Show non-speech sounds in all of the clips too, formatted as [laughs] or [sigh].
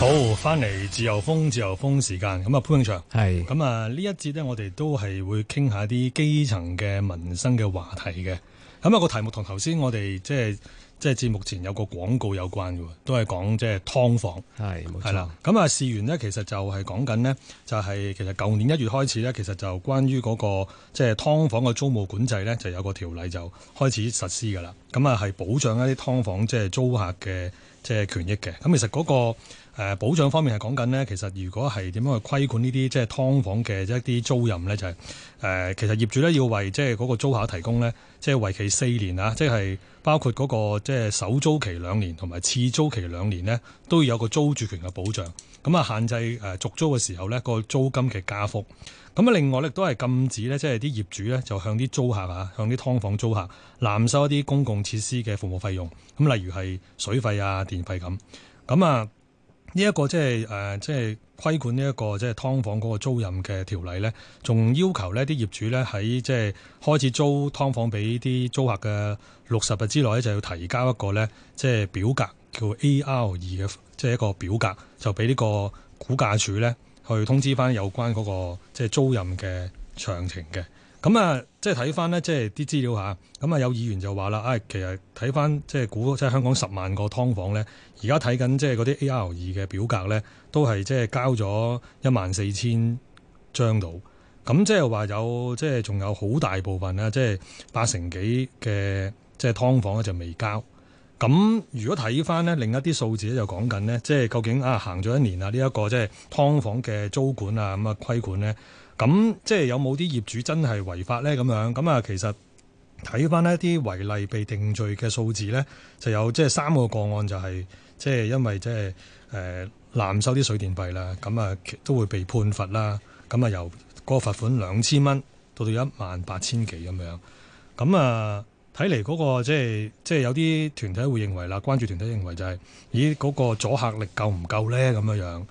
好，翻嚟自由風自由風時間，咁啊潘永祥係，咁啊呢一節呢，我哋都係會傾下啲基層嘅民生嘅話題嘅。咁啊個題目同頭先我哋即係即係節目前有個廣告有關嘅，都係講即係劏房係，冇錯啦。咁啊事源呢，其實就係講緊呢，就係其實舊年一月開始呢，其實就關於嗰個即係劏房嘅租務管制呢，就有個條例就開始實施噶啦。咁啊係保障一啲劏房即係租客嘅即係權益嘅。咁其實嗰個。誒保障方面係講緊呢。其實如果係點樣去規管呢啲即係劏房嘅一啲租賃呢？就係、是、誒其實業主咧要為即係嗰個租客提供呢，即係為期四年啊，即係包括嗰個即係首租期兩年同埋次租期兩年呢，都要有個租住權嘅保障。咁啊，限制誒續租嘅時候呢，個租金嘅加幅。咁啊，另外呢，都係禁止呢，即係啲業主呢，就向啲租客啊，向啲劏房租客濫收一啲公共設施嘅服務費用。咁例如係水費啊、電費咁。咁啊～呢、這、一個即係誒，即係規管呢、這、一個即係、就是、劏房嗰個租賃嘅條例呢，仲要求呢啲業主呢，喺即係開始租劏房俾啲租客嘅六十日之內咧，就要提交一個呢即係、就是、表格叫 AR 二嘅，即、就、係、是、一個表格，就俾呢個估價署呢去通知翻有關嗰、那個即係、就是、租賃嘅詳情嘅。咁啊，即係睇翻呢，即係啲資料下。咁啊，有議員就話啦，啊，其實睇翻即係估，即係香港十萬個劏房呢。而家睇緊即係嗰啲 AR2 嘅表格呢，都係即係交咗一萬四千張到。咁即係話有，即係仲有好大部分啊，即係八成幾嘅即係劏房呢就未交。咁如果睇翻呢，另一啲數字咧就講緊呢，即係究竟啊行咗一年啊，呢一個即係劏房嘅租管啊，咁啊規管呢。咁即係有冇啲業主真係違法呢？咁樣咁啊，其實睇翻一啲違例被定罪嘅數字呢，就有即係三個個案就係、是、即係因為即係誒、呃、濫收啲水電費啦，咁啊都會被判罰啦。咁啊由個個罰款兩千蚊到到一萬八千幾咁樣。咁啊睇嚟嗰個即係即係有啲團體會認為啦，關注團體認為就係、是、咦嗰、那個阻嚇力夠唔夠呢？咁樣。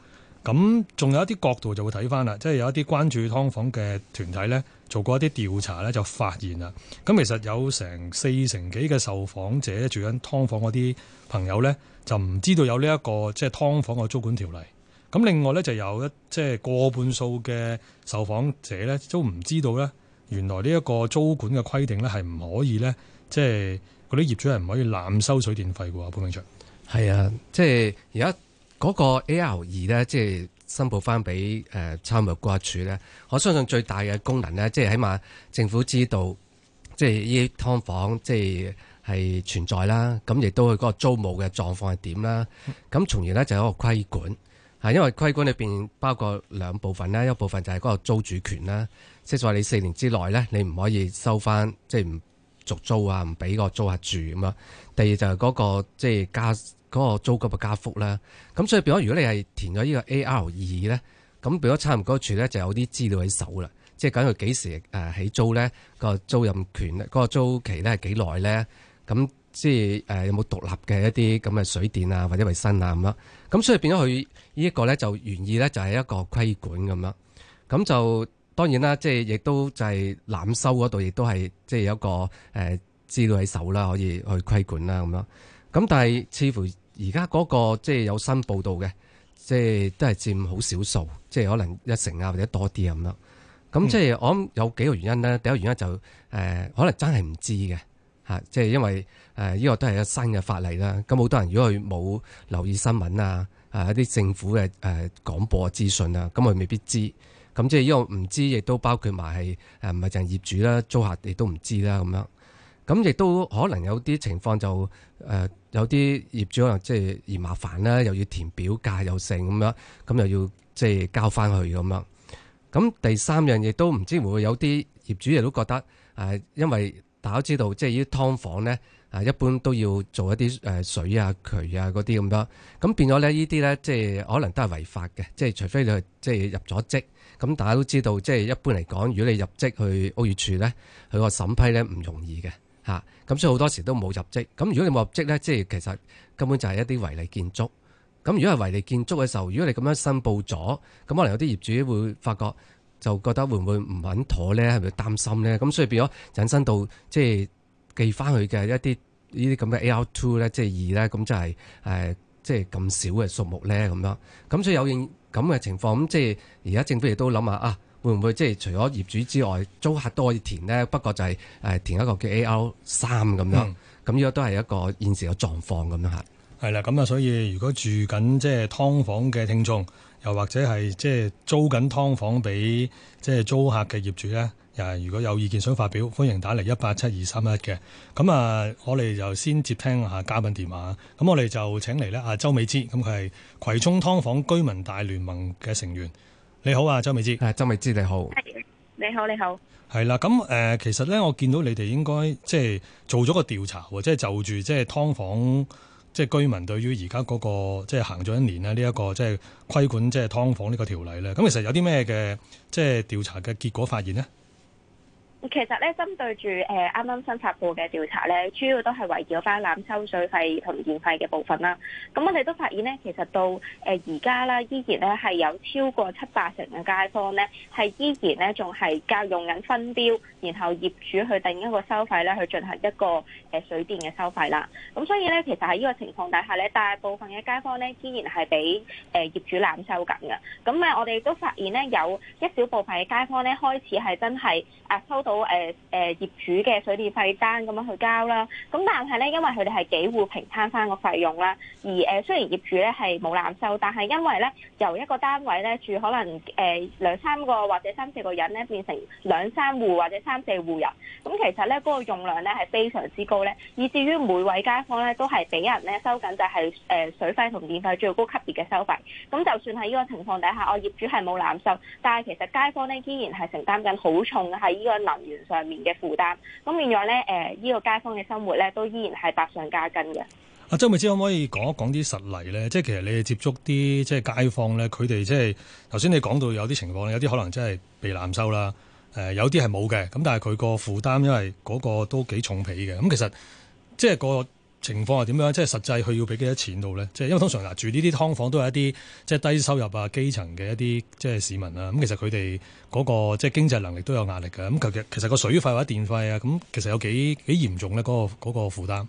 咁仲有一啲角度就會睇翻啦，即係有一啲關注劏房嘅團體呢，做過一啲調查呢，就發現啦。咁其實有成四成幾嘅受訪者住緊劏房嗰啲朋友呢，就唔知道有呢一個即係劏房嘅租管條例。咁另外呢，就有一即係過半數嘅受訪者呢，都唔知道呢，原來呢一個租管嘅規定呢，係唔可以呢，即係嗰啲業主係唔可以濫收水電費嘅喎。潘明祥，係啊，即係而家。嗰、那個 AL 二咧，即係申報翻俾誒參入家處咧。我相信最大嘅功能咧，即、就、係、是、起碼政府知道，即係呢啲劏房即係係存在啦。咁亦都佢嗰個租務嘅狀況係點啦。咁從而咧就係一個規管，因為規管裏面包括兩部分啦，一部分就係嗰個租主權啦，即係話你四年之內咧，你唔可以收翻即係唔續租啊，唔俾個租客住咁樣。第二就係嗰、那個即係加。就是嗰、嗰個租金嘅加幅啦，咁所以變咗，如果你係填咗呢個 AR 二咧，咁變咗差唔多處咧就有啲資料喺手啦，即係講佢幾時誒起租咧，個租賃權咧，嗰個租期咧係幾耐咧，咁即係誒有冇獨立嘅一啲咁嘅水電啊或者衞生啊咁樣，咁所以變咗佢呢一個咧就願意咧就係一個規管咁樣，咁就當然啦，即係亦都就係濫收嗰度亦都係即係有一個誒資料喺手啦，可以去規管啦咁樣，咁但係似乎。而家嗰個即係有新報導嘅，即係都係佔好少數，即係可能一成啊，或者多啲咁咯。咁即係我諗有幾個原因啦。第一個原因就誒、是，可能真係唔知嘅嚇，即係因為誒呢個都係一新嘅法例啦。咁好多人如果佢冇留意新聞啊，啊一啲政府嘅誒廣播資訊啊，咁佢未必知。咁即係呢個唔知，亦都包括埋係誒唔係淨係業主啦、租客亦都唔知啦咁樣。咁亦都可能有啲情況就誒有啲業主可能即係嫌麻煩啦，又要填表格又剩咁樣，咁又要即係交翻去咁樣。咁第三樣嘢都唔知會唔會有啲業主亦都覺得誒、啊，因為大家都知道即係、就是、呢啲劏房咧，啊一般都要做一啲水啊渠啊嗰啲咁多，咁變咗咧呢啲咧即係可能都係違法嘅，即、就、係、是、除非你即係入咗職，咁大家都知道即係、就是、一般嚟講，如果你入職去屋宇署咧，佢個審批咧唔容易嘅。嚇、嗯！咁所以好多時都冇入職。咁如果你冇入職咧，即係其實根本就係一啲違例建築。咁如果係違例建築嘅時候，如果你咁樣申報咗，咁可能有啲業主會發覺就覺得會唔會唔穩妥咧？係咪擔心咧？咁所以變咗引申到即係寄翻去嘅一啲呢啲咁嘅 A R two 咧，即係二咧，咁、呃、就係誒即係咁少嘅數目咧，咁樣。咁所以有應咁嘅情況。咁即係而家政府亦都諗下啊。會唔會即係除咗業主之外，租客都可以填呢？不過就係誒，填一個叫 A.O. 三咁樣，咁呢個都係一個現時嘅狀況咁樣吓。係啦，咁啊，所以如果住緊即係㓥房嘅聽眾，又或者係即係租緊劏房俾即係租客嘅業主咧，誒，如果有意見想發表，歡迎打嚟一八七二三一嘅。咁啊，我哋就先接聽下嘉賓電話。咁我哋就請嚟呢阿周美芝，咁佢係葵涌劏房居民大聯盟嘅成員。你好啊，周美芝。誒，周美芝你好。你好，你好。係啦，咁、呃、誒，其實咧，我見到你哋應該即係做咗個調查喎，即係就住即係劏房，即係居民對於而家嗰個即係行咗一年咧呢一個即係規管即係劏房呢個條例咧，咁其實有啲咩嘅即係調查嘅結果發現呢？其實咧，針對住誒啱啱新發布嘅調查咧，主要都係圍繞翻濫收水費同電費嘅部分啦。咁我哋都發現咧，其實到誒而家啦，依然咧係有超過七八成嘅街坊咧，係依然咧仲係教用緊分表然後業主去定一個收費咧去進行一個誒水電嘅收費啦。咁所以咧，其實喺呢個情況底下咧，大部分嘅街坊咧依然係俾誒業主濫收緊嘅。咁啊，我哋都發現咧有一小部分嘅街坊咧開始係真係啊收到。我誒誒業主嘅水電費單咁樣去交啦，咁但係咧因為佢哋係幾戶平攤返個費用啦，而誒雖然業主咧係冇濫收，但係因為咧由一個單位咧住可能誒兩三個或者三四個人咧變成兩三戶或者三四戶人，咁其實咧嗰個用量咧係非常之高咧，以至於每位街坊咧都係俾人咧收緊就係誒水費同電費最高級別嘅收費，咁就算喺呢個情況底下，我業主係冇濫收，但係其實街坊咧依然係承擔緊好重嘅喺呢個能上面嘅負擔，咁變咗咧誒，依、呃這個街坊嘅生活咧都依然係百上加斤嘅。阿周美芝可唔可以講一講啲實例咧？即係其實你哋接觸啲即係街坊咧，佢哋即係頭先你講到有啲情況，有啲可能真係被濫收啦。誒、呃，有啲係冇嘅，咁但係佢個負擔因為嗰個都幾重皮嘅。咁、嗯、其實即係、那個。情況係點樣？即係實際佢要俾幾多錢到咧？即係因為通常嗱，住呢啲劏房都係一啲即係低收入啊、基層嘅一啲即係市民啊。咁其實佢哋嗰個即係經濟能力都有壓力㗎。咁其實個個水費或者電費啊，咁其實有幾幾嚴重咧？嗰個嗰個負擔。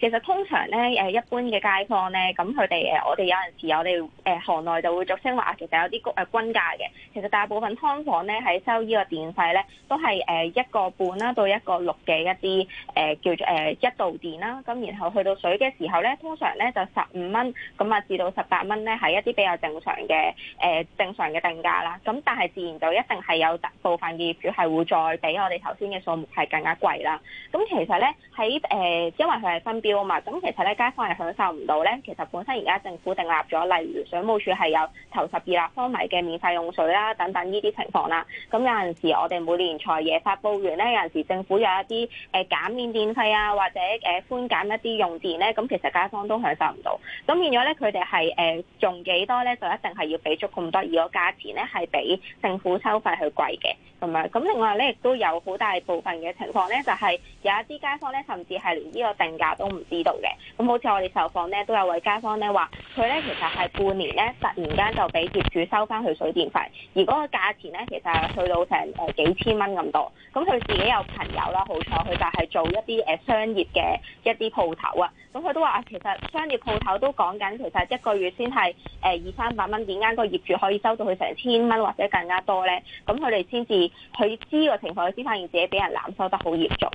其實通常咧，誒一般嘅街坊咧，咁佢哋誒我哋有陣時，我哋誒行內就會俗稱話，其實有啲均均價嘅。其實大部分劏房咧喺收呢個電費咧，都係誒一個半啦到一個六嘅一啲誒、呃、叫做誒、呃、一度電啦。咁然後去到水嘅時候咧，通常咧就十五蚊咁啊至到十八蚊咧係一啲比較正常嘅誒、呃、正常嘅定價啦。咁但係自然就一定係有大部分嘅業主係會再俾我哋頭先嘅數目係更加貴啦。咁其實咧喺誒因為佢。分標啊嘛，咁其實咧街坊係享受唔到咧。其實本身而家政府訂立咗，例如水務署係有頭十二立方米嘅免費用水啦，等等呢啲情況啦。咁有陣時候我哋每年財爺發布完咧，有陣時候政府有一啲誒減免電費啊，或者誒寬減一啲用電咧。咁其實街坊都享受唔到。咁變咗咧，佢哋係誒用幾多咧，就一定係要俾足咁多，而個價錢咧係比政府收費去貴嘅咁樣。咁另外咧亦都有好大部分嘅情況咧，就係、是、有一啲街坊咧，甚至係連呢個定價。都唔知道嘅，咁好似我哋受訪咧都有位街坊咧話，佢咧其實係半年咧突然間就俾業主收翻去水電費，而嗰個價錢咧其實係去到成誒幾千蚊咁多，咁佢自己有朋友啦，好彩佢就係做一啲誒商業嘅一啲鋪頭啊，咁佢都話啊其實商業鋪頭都講緊其實一個月先係誒二三百蚊，點解個業主可以收到佢成千蚊或者更加多咧？咁佢哋先至佢知道個情況，佢先發現自己俾人濫收得好嚴重。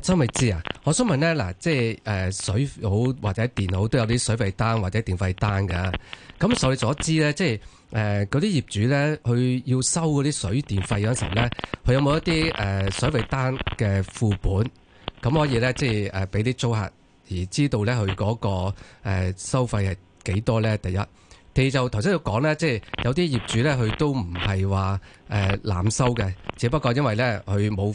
周、啊、未知啊！我想問咧，嗱，即係誒、呃、水好或者電好都有啲水費單或者電費單嘅。咁所以所知咧，即係誒嗰啲業主咧，佢要收嗰啲水電費嗰陣時咧，佢有冇一啲誒、呃、水費單嘅副本？咁可以咧，即係誒俾啲租客而知道咧佢嗰個誒、呃、收費係幾多咧？第一，你就頭先要講咧，即係有啲業主咧，佢都唔係話誒濫收嘅，只不過因為咧佢冇。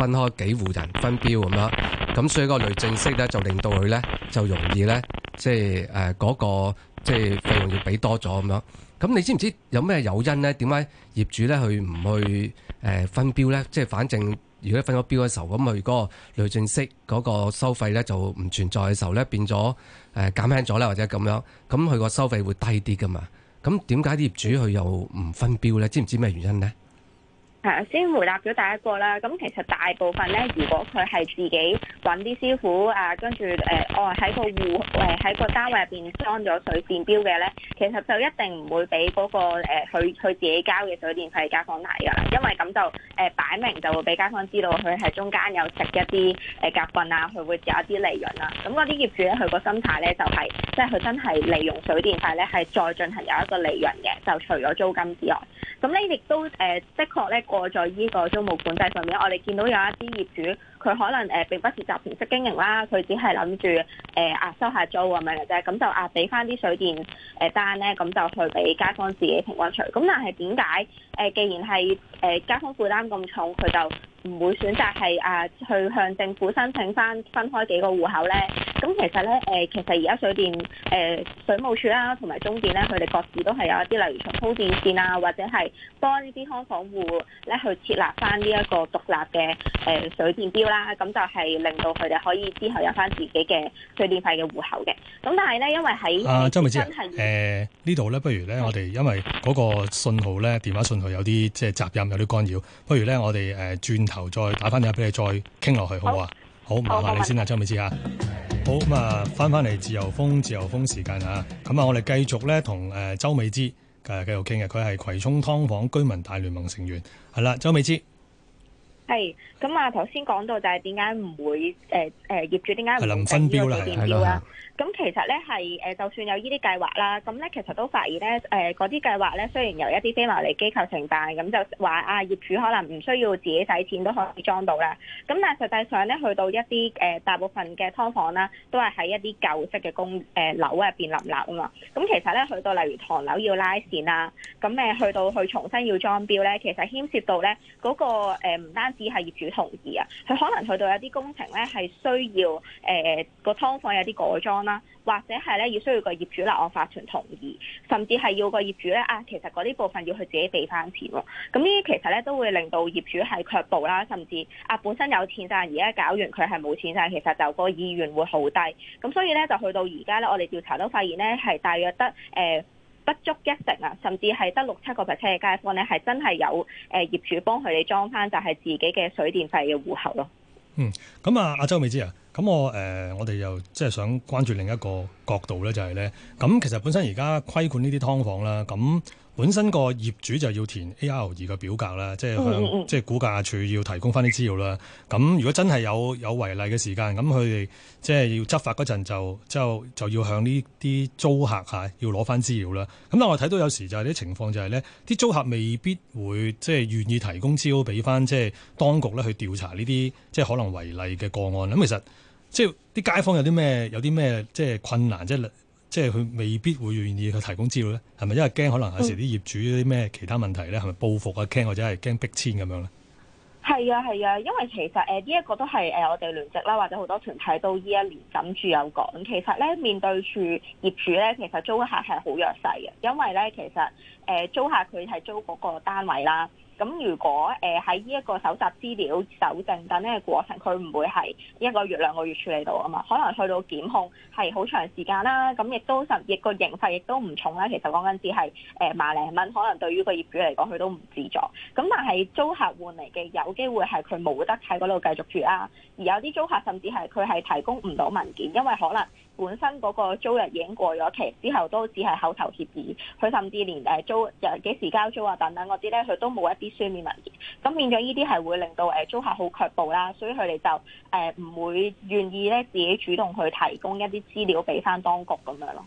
分開幾戶人分錶咁樣，咁所以個累進式咧就令到佢咧就容易咧，即係嗰個即係、就是、費用要俾多咗咁樣。咁你知唔知有咩誘因咧？點解業主咧佢唔去分錶咧？即、就、係、是、反正如果分咗錶嘅時候，咁佢嗰個累進式嗰個收費咧就唔存在嘅時候咧，變咗減輕咗咧，或者咁樣，咁佢個收費會低啲噶嘛？咁點解啲業主佢又唔分錶咧？知唔知咩原因咧？係先回答咗第一個啦。咁其實大部分咧，如果佢係自己揾啲師傅啊，跟住誒，我、啊、喺個戶誒喺個單位入邊裝咗水電表嘅咧，其實就一定唔會俾嗰、那個佢佢、啊、自己交嘅水電費家房費㗎啦。因為咁就誒、啊、擺明就會俾街坊知道，佢喺中間有食一啲誒夾棍啊，佢會有一啲利潤啊。咁嗰啲業主咧，佢個心態咧就係、是，即係佢真係利用水電費咧係再進行有一個利潤嘅，就除咗租金之外。咁咧亦都誒、啊、的確咧。過在呢個租務管制上面，我哋見到有一啲業主。佢可能誒、呃、並不是集團式經營啦，佢只係諗住誒收一下租咁樣嘅啫，咁就啊俾翻啲水電誒單咧，咁就去俾街坊自己平均除。咁但係點解誒既然係誒街坊負擔咁重，佢就唔會選擇係啊、呃、去向政府申請翻分開幾個戶口咧？咁其實咧誒、呃，其實而家水電誒、呃、水務署啦、啊，同埋中電咧，佢哋各自都係有一啲例如重鋪電線啊，或者係幫康呢啲劏房戶咧去設立翻呢一個獨立嘅誒水電表。啦，咁就係令到佢哋可以之後有翻自己嘅水電費嘅戶口嘅。咁但係呢，因為喺啊，周美芝，誒呢度呢，不如呢，嗯、我哋因為嗰個信號呢，電話信號有啲即係雜音，有啲干擾，不如呢，我哋誒轉頭再打翻電話俾你再傾落去，好啊？好唔好啊？好好我你先啊，周美芝啊。 [laughs] 好咁啊，翻翻嚟自由風，自由風時間啊。咁啊，我哋繼續呢，同誒周美芝誒繼續傾嘅。佢係葵涌劏房居民大聯盟成員，係啦，周美芝。係，咁啊頭先講到就係點解唔會誒誒、呃呃、業主點解唔需要裝表啊？咁其實咧係誒，就算有呢啲計劃啦，咁咧其實都發現咧誒嗰啲計劃咧，雖然由一啲非牟利機構承辦，咁就話啊業主可能唔需要自己使錢都可以裝到啦。咁但係實際上咧，去到一啲誒、呃、大部分嘅劏房啦、啊，都係喺一啲舊式嘅公誒樓入邊立立啊嘛。咁其實咧去到例如唐樓要拉線啊，咁誒去到去重新要裝表咧，其實牽涉到咧嗰、嗰個唔、呃、單。啲係業主同意啊，佢可能去到有啲工程咧係需要誒、呃嗰個劏房有啲改裝啦，或者係咧要需要個業主立案法團同意，甚至係要個業主咧啊，其實嗰啲部分要去自己俾翻錢喎。咁呢啲其實咧都會令到業主係卻步啦，甚至啊本身有錢但而家搞完佢係冇錢，但其實就個意願會好低。咁所以咧就去到而家咧，我哋調查都發現咧係大約得誒。呃不足一成啊，甚至係得六七個 percent 嘅街坊咧，係真係有誒業主幫佢哋裝翻就係、是、自己嘅水電費嘅戶口咯。嗯，咁、嗯、啊，阿周未知啊。咁我誒、呃，我哋又即係想關注另一個角度咧、就係，就係咧，咁其實本身而家規管呢啲劏房啦，咁本身個業主就要填 A R 二嘅表格啦，即、就、係、是、向即係估價處要提供翻啲資料啦。咁如果真係有有違例嘅時間，咁佢哋即係要執法嗰陣，就就就要向呢啲租客嚇要攞翻資料啦。咁但我睇到有時就係啲情況就係、是、咧，啲租客未必會即係、就是、願意提供資料俾翻即係當局咧去調查呢啲即係可能違例嘅個案咁其實，即係啲街坊有啲咩有啲咩即係困難，即係即係佢未必會願意去提供資料咧。係咪因為驚可能有時啲業主有啲咩其他問題咧，係咪報復啊？驚或者係驚逼遷咁樣咧？係啊係啊，因為其實誒呢一個都係誒、呃、我哋聯席啦，或者好多團體都依一年枕住有講。其實咧，面對住業主咧，其實租客係好弱勢嘅，因為咧其實誒、呃、租客佢係租嗰個單位啦。咁如果誒喺呢一個搜集資料、搜證等嘅過程，佢唔會係一個月、兩個月處理到啊嘛，可能去到檢控係好長時間啦。咁亦都實亦個刑罰亦都唔重啦。其實講緊只係誒萬零蚊，可能對於個業主嚟講佢都唔止咗。咁但係租客換嚟嘅有機會係佢冇得喺嗰度繼續住啦。而有啲租客甚至係佢係提供唔到文件，因為可能。本身嗰個租約已經過咗期之後，都只係口頭協議。佢甚至連誒租又幾時交租啊？等等嗰啲咧，佢都冇一啲書面文件。咁變咗。呢啲係會令到誒租客好卻步啦，所以佢哋就誒唔會願意咧自己主動去提供一啲資料俾翻當局咁樣咯。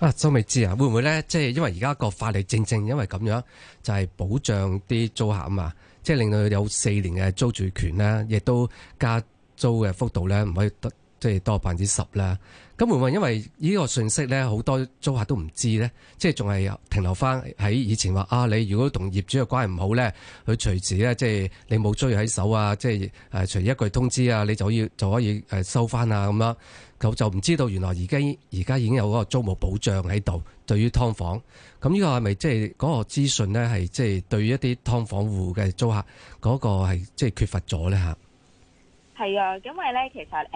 啊，周美芝啊，會唔會咧？即係因為而家個法例正正因為咁樣就係保障啲租客啊嘛，即係令到有四年嘅租住權啦，亦都加租嘅幅度咧唔可以得即係多百分之十啦。就是咁會唔會因為呢個信息咧，好多租客都唔知咧，即係仲係停留翻喺以前話啊，你如果同業主嘅關係唔好咧，佢隨時咧即係你冇追喺手啊，即係誒隨一句通知啊，你就要就可以誒收翻啊咁樣，咁就唔知道原來而家而家已經有嗰個租務保障喺度，對於劏房，咁呢個係咪即係嗰個資訊咧係即係對於一啲劏房戶嘅租客嗰個係即係缺乏咗咧嚇？係啊，因為咧，其實誒誒、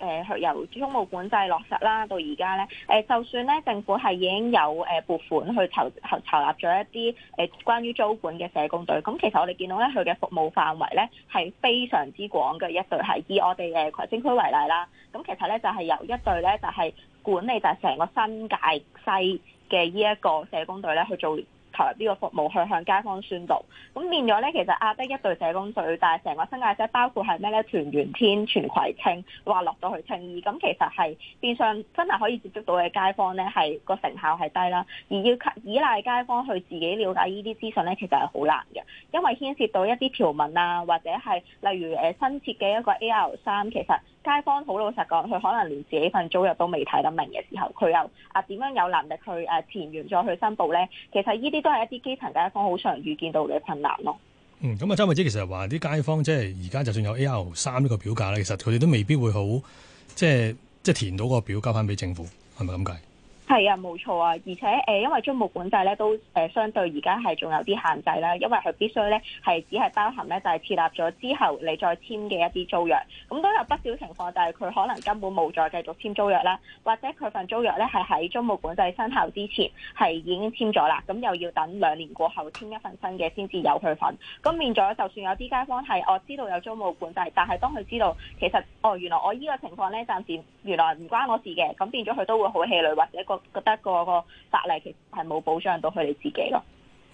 呃呃，由租務管制落實啦，到而家咧，誒，就算咧，政府係已經有誒撥款去籌籌籌立咗一啲誒關於租管嘅社工隊，咁其實我哋見到咧，佢嘅服務範圍咧係非常之廣嘅一隊是，係以我哋誒葵青區為例啦。咁其實咧就係、是、由一隊咧就係、是、管理就係成個新界西嘅呢一個社工隊咧去做。投入呢個服務去向街坊宣導，咁變咗咧，其實壓得一隊社工隊，但係成個新界西包括係咩咧？屯元天、全葵青，話落到去青衣，咁其實係變相真係可以接觸到嘅街坊咧，係個成效係低啦。而要依賴街坊去自己了解呢啲資訊咧，其實係好難嘅，因為牽涉到一啲條文啊，或者係例如誒新設嘅一個 AR 三，其實。街坊好老實講，佢可能連自己份租約都未睇得明嘅時候，佢又啊點樣有能力去誒填完再去申報咧？其實呢啲都係一啲基層街坊好常遇見到嘅困難咯。嗯，咁、嗯、啊，周美芝其實話啲街坊即係而家就算有 A R 三呢個表格，咧，其實佢哋都未必會好即係即係填到個表交翻俾政府，係咪咁計？係啊，冇錯啊，而且、欸、因為租務管制咧都、欸、相對而家係仲有啲限制啦，因為佢必須咧係只係包含咧就係、是、設立咗之後你再簽嘅一啲租約，咁都有不少情況，就係佢可能根本冇再繼續簽租約啦，或者佢份租約咧係喺租務管制生效之前係已經簽咗啦，咁又要等兩年過後簽一份新嘅先至有佢份，咁變咗就算有啲街坊係我、哦、知道有租務管制，但係當佢知道其實哦原來我依個情況咧暫時原來唔關我事嘅，咁變咗佢都會好氣餒，或者個覺得嗰個法例其實係冇保障到佢哋自己咯。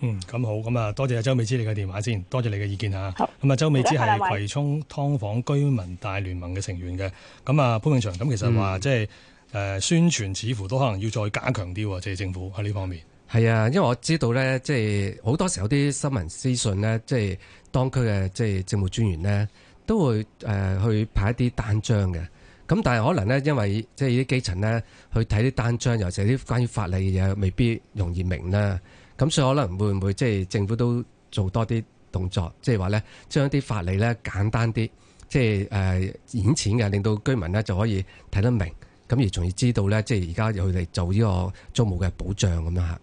嗯，咁好，咁啊，多謝阿周美芝你嘅電話先，多謝你嘅意見吓，好，咁啊，周美芝係葵涌劏房居民大聯盟嘅成員嘅。咁啊，潘永祥咁其實話即係誒宣傳似乎都可能要再加強啲喎，即係政府喺呢方面。係啊，因為我知道咧，即係好多時候有啲新聞資訊咧，即係當區嘅即係政務專員咧，都會誒去拍一啲單張嘅。咁但係可能咧，因為即係啲基層咧，去睇啲單張，尤其係啲關於法例嘅嘢，未必容易明啦。咁所以可能會唔會即係政府都做多啲動作，即係話咧，將啲法例咧簡單啲，即係誒淺淺嘅，令到居民咧就可以睇得明，咁而從而知道咧，即係而家佢哋做呢個租務嘅保障咁樣嚇。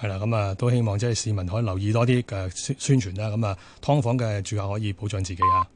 係啦，咁啊都希望即係市民可以留意多啲嘅宣宣傳啦，咁啊劏房嘅住客可以保障自己嚇。